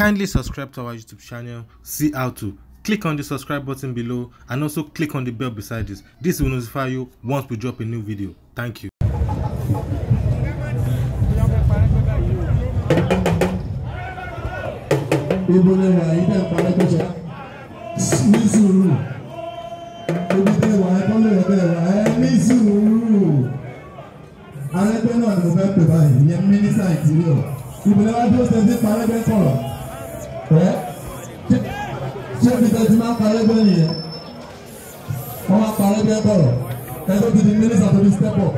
Kindly subscribe to our YouTube channel, see how to. Click on the subscribe button below and also click on the bell beside this. This will notify you once we drop a new video. Thank you. Ibo lè wà yí dẹ́ parákọ́ṣá ní sùúrù. Ibi dé wà ẹ́ kọ́lé ọ̀dẹ́ wà ẹ́ ní sùúrù. Arẹ́gbẹ́ náà ẹ ṣé ibi tó ti máa ń parẹ́ bẹ́ẹ̀ nìyẹn wọ́n máa parẹ́ bẹ́ẹ̀ bọ̀rọ̀ ẹ tó ti di mínísítà tó ti step up.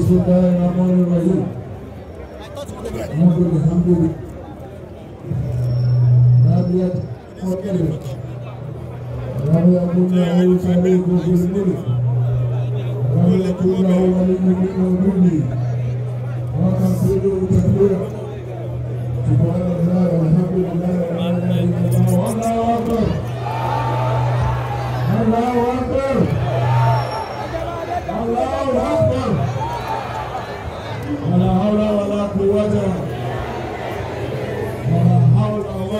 بسم الله الرحمن الرحيم محمد الحمد لله رابية وكلمة رابية كله الخليق بالملك رابية كله ولي ومني وتفسير تكبيرا سبحان الله والحمد لله رب العالمين الله أكبر الله أكبر الله أكبر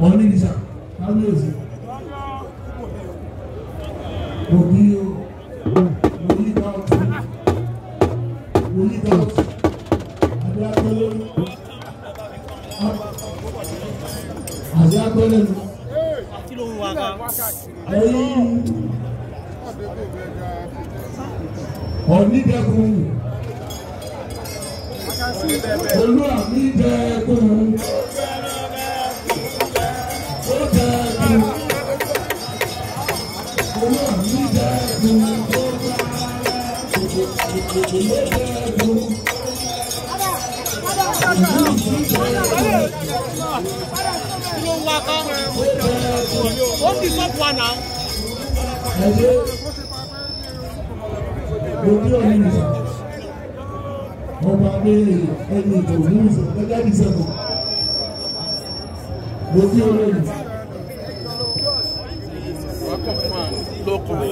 Onun What is up one now? Ọba abéèrè ẹni ìdòwú ìsọ̀tẹ́gẹ́rì sẹ́kọ̀ọ́. Mo bí olóyìn.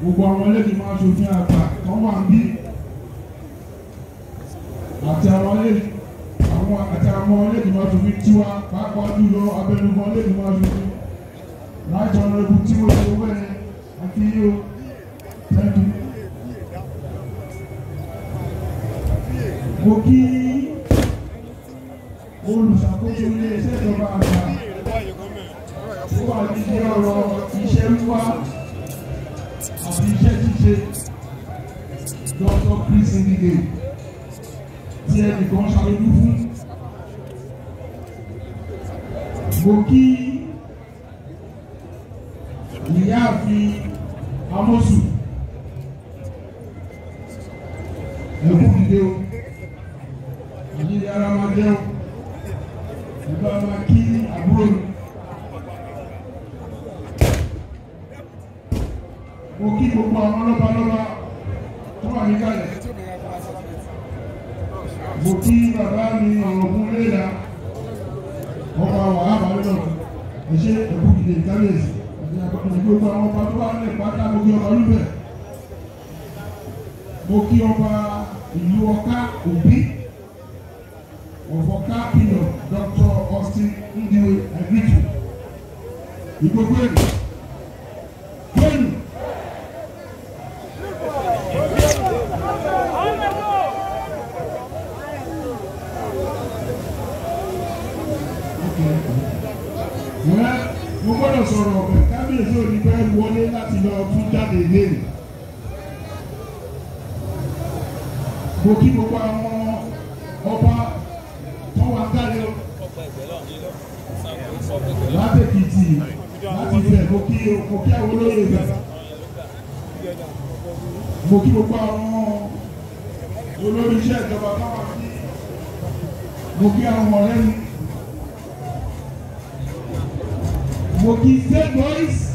gbogbo àwọn ẹlẹ́gbẹ̀mọ aṣòfin àgbà kan wà níbí àti àwọn ẹlẹ́gbẹ̀mọ àti àwọn tiwa pàápàá jùlọ abẹnugan ẹlẹ́gbẹ̀mọ aṣòfin láti ọ̀nà ẹ̀kú tí wọ́n ti wẹ́ àti yíyó tẹ́lú. mo kí olùṣàkóso ilé iṣẹ́ àgbà ó wà ní ìdí ọ̀rọ̀. nílé tí de ṣàlójú fún. Mo kí ìyáàfin Amósù ẹ̀kú ìdè o, àyílẹ̀ ara máa jẹ́ o, ìgbà máa o àbúrò mi. Mo kí gbogbo àwọn ọlọ́pàá lọ́wọ́. kábíyèsí mo kí ọba ìlú ọká òbí ọ̀fọ̀ká pínọ̀ Dr. Austin Ndiwe Agritu ìgbógbó èrè. Yeah gbọ́dọ̀ sọ̀rọ̀ ọ̀bẹ kábíyèsí òní fẹ́ wọlé láti lọ tún jáde léèrè. mo kí gbogbo àwọn ọba tó wà jáde o. láti Èkìtì láti Ifẹ̀ mo kí mo kí àwọn olóyè bẹ̀rẹ̀. mo kí gbogbo àwọn olórí iṣẹ́ ìjọba káwá sí mo kí àwọn ọ̀rẹ́ mi. porque se C2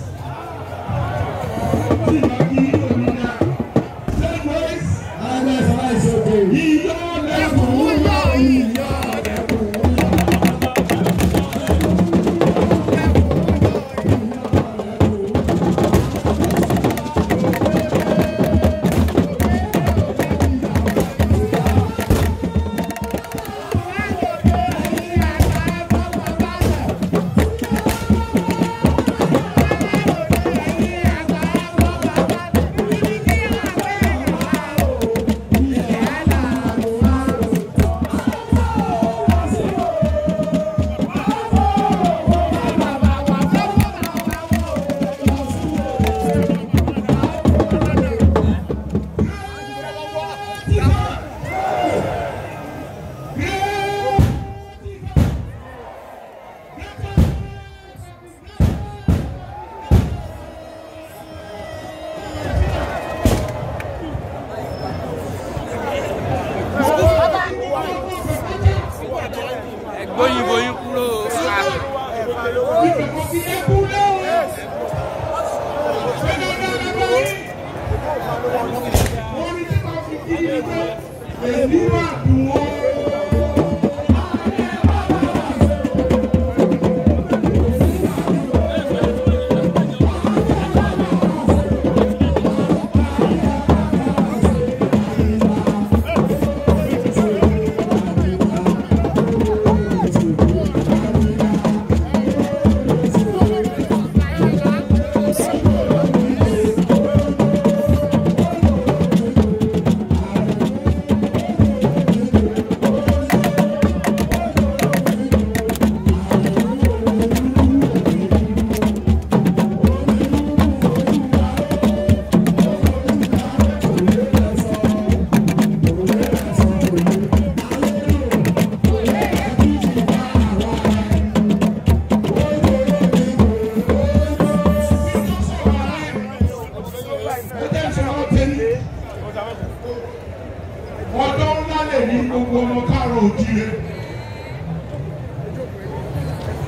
ọjọ́ ńlá lè ní gbogbo ọmọ káàrọ̀ òjìire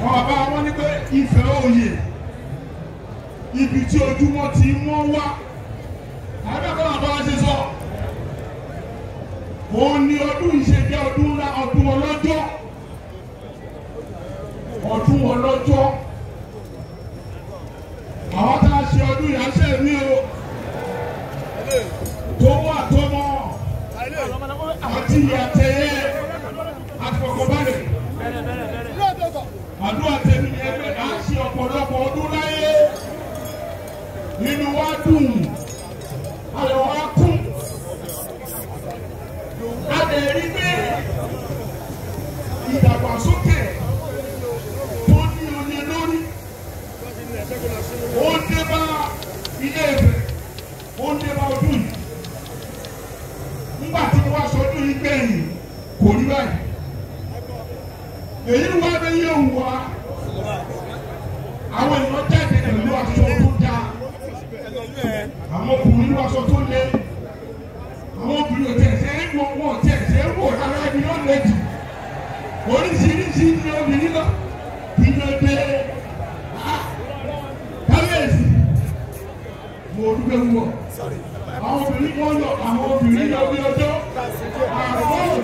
wọn bá wọn ní pé ìfẹ́ òye ibi tí ojúmọ́ ti mọ́ wá abẹ́kọ̀ọ́ àbá ṣe sọ òun ni ọdún ìṣèjẹ́ ọdún ńlá ọdún ọlọ́jọ́ ọdún ọlọ́jọ́ àwọn tá a ṣe ọdún yàtọ̀ ní o. àti ìyàtẹ̀yẹ àfọkọ̀bálẹ̀. àdúrà tẹ̀lé ni ẹgbẹ́ náà ṣe ọ̀pọ̀lọpọ̀ ọdún láyé nínú wa dùn ayọ̀ wa kún adẹ̀rí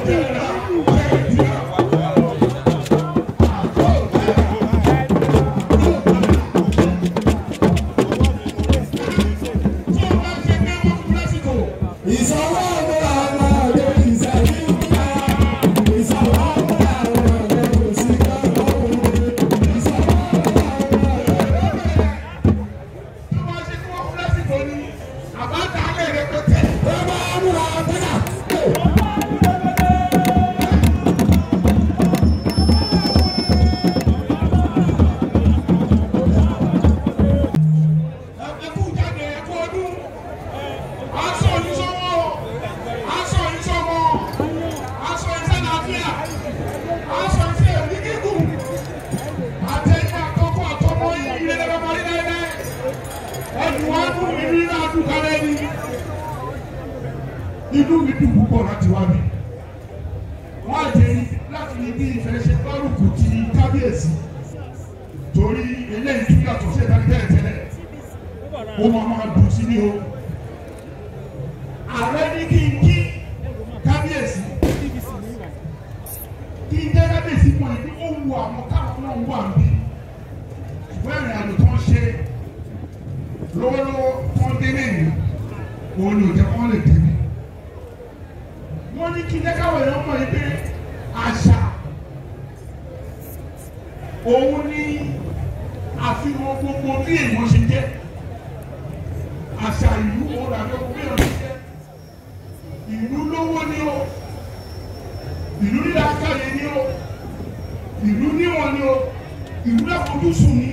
Thank you. àtúkárẹ́ ni inú mi dùn púpọ̀ láti wá mi wọ́n á dé láti ibi ìfẹsẹ̀ bárùkù ti kábíyèsí torí eléyìí tún yàtọ̀ sí ìdánilẹ́yìn tẹ́lẹ̀ ó máa máa dùn sí ní o. òun ni àfihàn gbogbo bí èèyàn ṣe jẹ́ àṣà ìlú òun làbẹ́ òun bí èèyàn ṣe jẹ́ ìlú lówó ni o ìlú nílà káyé ni o ìlú níwọ̀n ni o ìlú láfojúsùn ni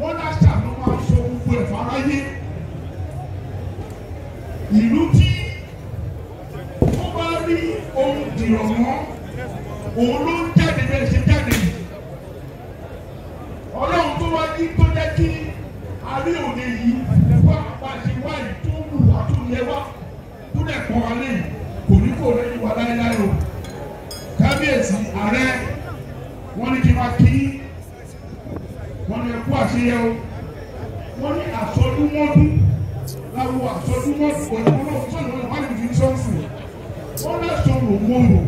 wọ́n láṣà ló máa sọ gbogbo ẹ̀fọ́ aráyé ìlú tí ó bá rí ohun dìrọ̀ mọ́ òun ló ń wọ́n ní kí n máa kí wọ́n ní ẹkú àṣeyẹ o wọ́n ní àsọdúnmọ́dún láwo àsọdúnmọ́dún òyìnbó náà sọ̀rọ̀ wọn wọ́n lè fi sọ́ọ̀sì wọ́n lè sọ̀rọ̀ mọ́rò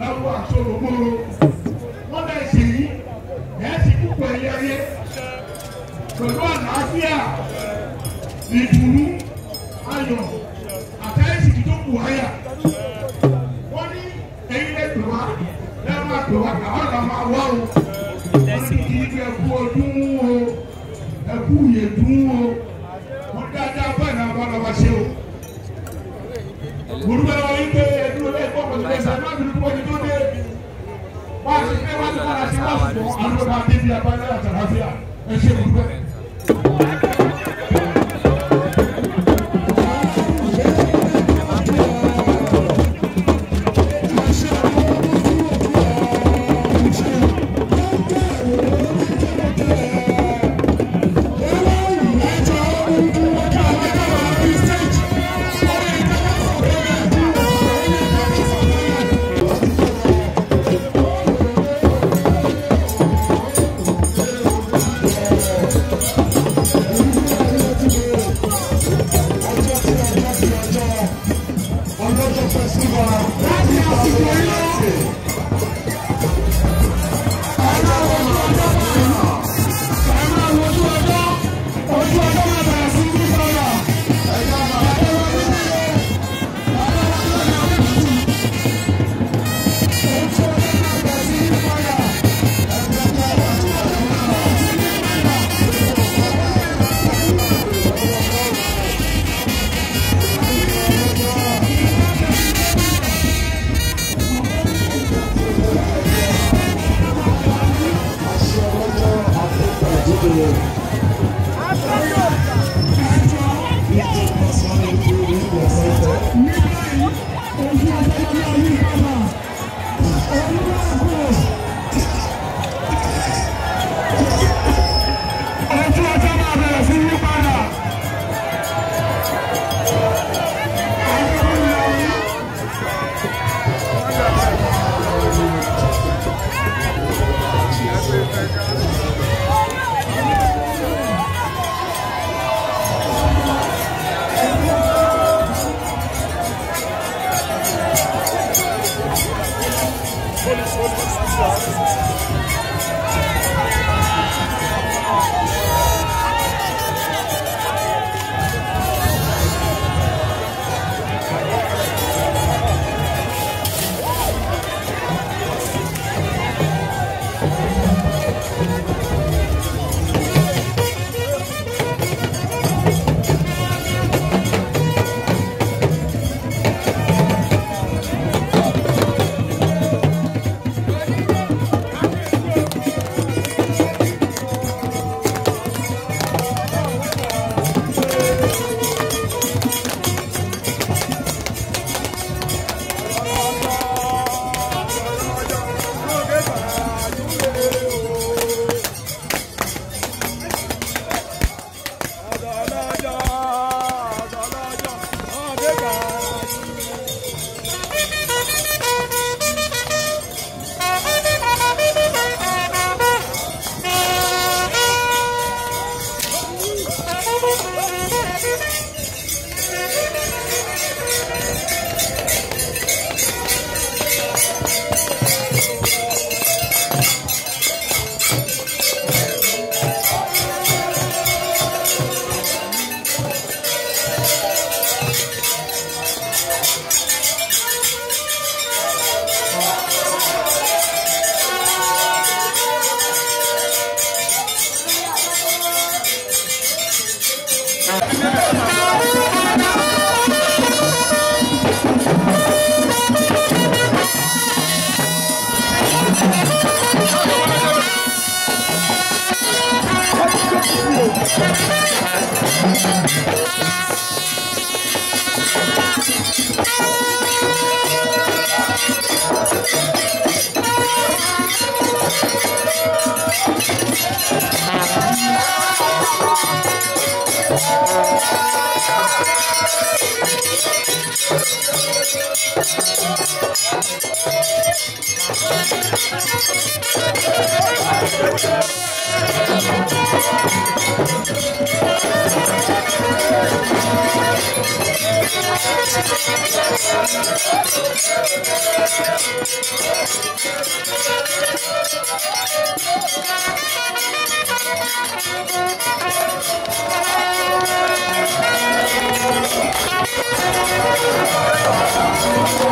láwo àsọ̀rọ̀ mọ́rò wọ́n lè ṣe yí ẹ̀ẹ́sì púpọ̀ ẹ̀yẹ ayé pẹ̀lú àlàáfíà ìdùnnú ayọ̀ àtàyèsí tó kù wáyà. àgbàlagbà máa wá o wọ́n ní kí ní o ẹkú yèdún o wọ́n dáadáa báyìí o. Gbogbo ẹ̀rọ yín pé ẹdúró lé ẹ̀kọ́ pẹ̀lú ẹ̀sẹ̀ náà ní gbogbo ẹni tó dé. Wọ́n á ti pé wọ́n ti padà sí wọ́n sùn mọ́ àlọ́ máa débi abáyé àtàlàfíà ẹ ṣe gbogbo Thank you. Thank you. Thank you.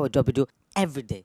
我做做。